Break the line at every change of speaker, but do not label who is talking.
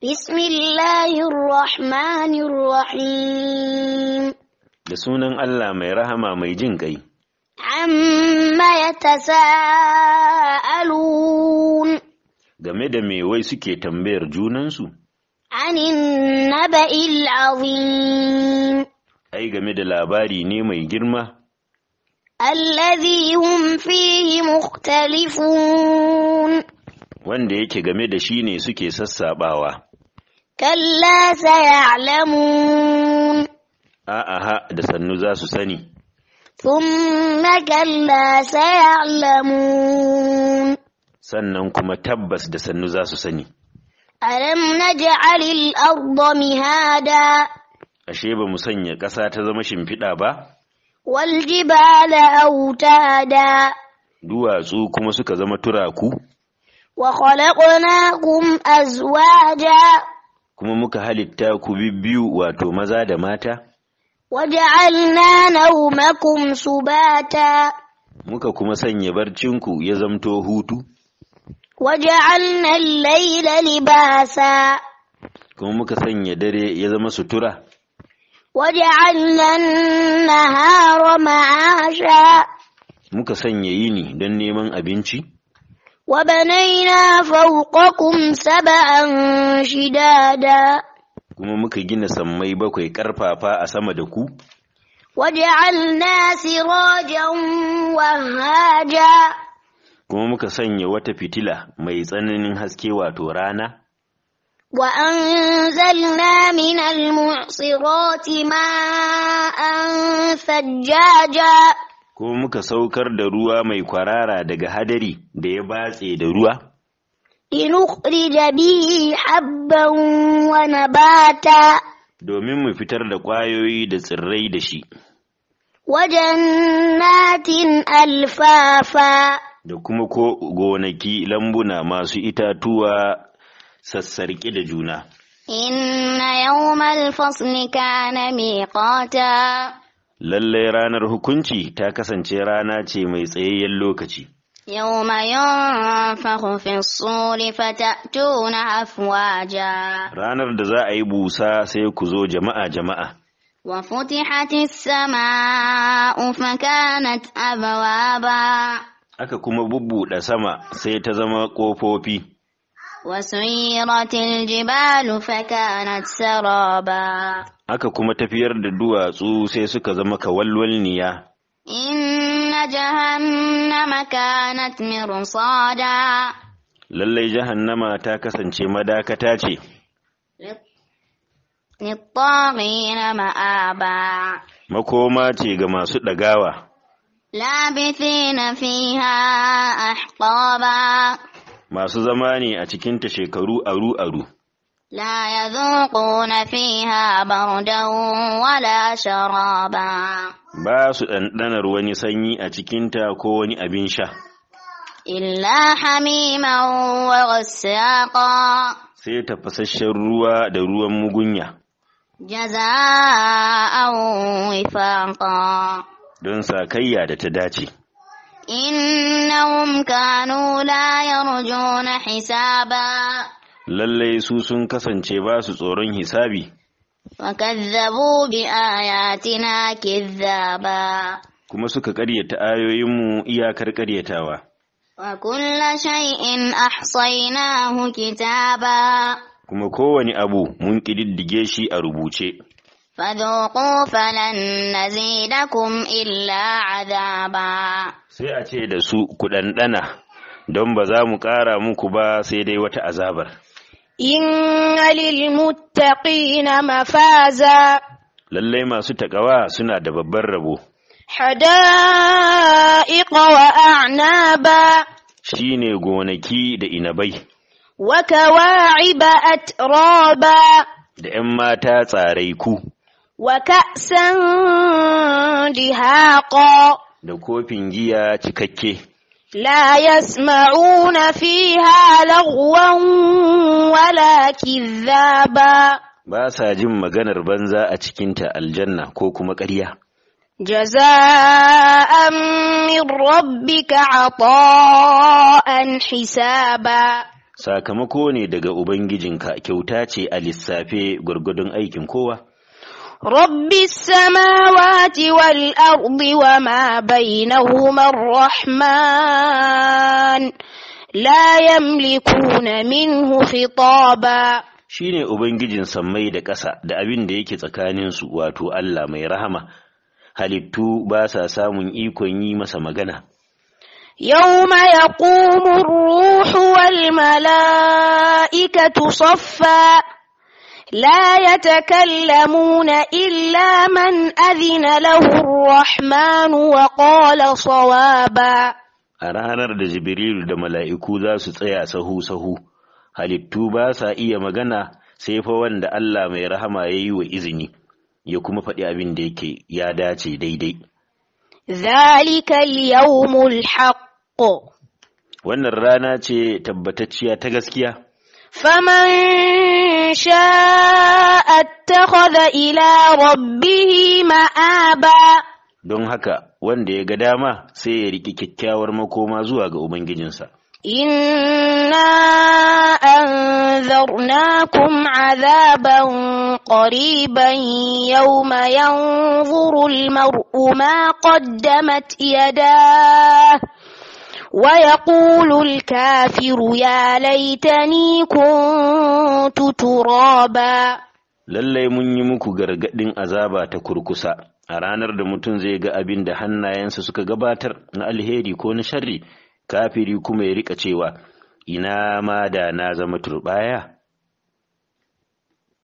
بسم
Da sunan Allah mai rahma mai jin ما يجنقي
عما يتساءلون
game da me wai suke tambayar junansu
anin naba'il azim
ai game da labari ne mai girma
allazi hum fihi mukhtalifun
wanda yake game da shi ne suke sassaɓawa.
Kalla sayalamun.
A'a da sannu za su sani.
na kalla sayalamun.
Sannan kuma tabbas da sannu za su sani.
Alam abu arda mihada.
Ashe ba mu sanya ƙasa ta zama shimfiɗa ba?
Wal jibala autada.
Duwatsu kuma suka zama turaku?
Wa khalaqnakum azwaja.
kuma muka halitta ku biyu wato maza da mata?
Waje Waja'alna su bata
Muka kuma sanya barcinku ya zamto hutu?
Waje Waja'alna laila
libasa. Kuma muka sanya dare ya zama sutura?
na nahara ma'asha.
Muka sanya yini don neman abinci?
وبنينا فوقكم سبعا شدادا
kuma muka gina sammai bakwai karfafa a sama da ku?
waj'alna sirajan wahaja
kuma muka sanya wata fitila mai tsananin haske wato rana?
Wa anzalna minal mu'sirati ma'an sajjaja
Ko muka saukar da ruwa mai kwarara daga hadari da ya batse da ruwa?
da bihi habban wani bata.
domin mu fitar da ƙwayoyi da tsirrai da shi.
Wajen natin alfafa
da kuma ko gonaki lambuna masu itatuwa sassarƙi da juna.
Inna yawmal fasli kana miqata
lallai ranar hukunci ta kasance rana ce mai tsayayyen lokaci
يوم ينفخ في الصور فتأتون Ranar
Ranar da za a yi busa sai ku zo jama'a jama'a
Wa وفتحت السماء فكانت ba.
aka kuma bubbuɗe sama sai ta zama ƙofofi
وسيرت الجبال فكانت سرابا
haka kuma tafiyar da duwatsu sai suka zama kawalwalniya
inna jahannama kanat mirsada
lallai jahannama ta kasance madakata ce
littagina ma'aba
makoma ce ga masu ɗagawa
labithina fiha ahqaba
masu zama ne a cikinta shekaru aru-aru.
La ya zuƙuna fiha bardan wala sharaba.
Ba su ɗanɗanar wani sanyi a cikinta ko wani abin sha.
Illa hamiman wa ghasaqa.
Sai tafasasshen ruwa da ruwan mugunya.
Jaza Jaza'an wifaqa.
Don sakayya da ta dace.
innahum kanu la yarjuna hisaba
lallai su sun kasance ba su tsoron hisabi
wakazzabu bi ayatina kizzaba
kuma suka ƙaryata ayoyinmu iyakar ƙaryatawa
wa kulla shay'in ahsaynahu kitaba
kuma kowane abu mun ƙididdige shi a rubuce
فذوقوا فلن نزيدكم إلا عذابا
sai a ce da su ku ɗanɗana don ba za mu ƙara muku ba sai dai wata azabar
In muttaƙi na mafaza
lallai masu taƙawa suna da babban rabo
hada'iqa wa a'naba
ne gonaki da inabai
wa a roba?
da 'yan mata tsarai ku
wa ka'san dihaqa
da kofin giya cikakke
لا يسمعون فيها wala ki كذابا
ba sa jin maganar banza a cikinta aljanna ko kuma ƙarya
jaza'an min rabbika ata'an hisaba
sakamako ne daga ubangijinka kyauta ce a lissafe gwargwadon aikin kowa
رب السماوات والأرض وما بينهما الرحمن لا يملكون منه خطابا
shine ubangijin sammai da ƙasa da abin da yake tsakaninsu wato Allah mai rahama halittu ba sa samun ikon yi masa magana
يوم يقوم الروح والملائكة صفا لا يتكلمون إلا من أذن له الرحمن وقال صوابا
a ranar da Jibrilu da mala'iku za su tsaya sahu-sahu, halittu ba sa iya magana sai fa wanda Allah mai rahama ya yi wa izini, ya kuma faɗi abin da yake ya dace daidai.
Zalikal yawmul
haqqo Wannan rana ce tabbatacciya ta gaskiya.
Faman شاء اتخذ إلى ربه مآبا
don haka wanda ya ga dama sai ya riki kyakkyawar makoma zuwa ga Ubangijinsa.
Inna anzarnakum azaban qariban yawma yanzuru al-mar'u ma qaddamat yadahu ويقول الكافر يا ليتني كنت ترابا
lallai mun yi muku gargaɗin azaba ta kurkusa a ranar da mutum zai ga abin da hannayensa suka gabatar na alheri ko na sharri kafiri kuma ya rika cewa ina ma da na zama turbaya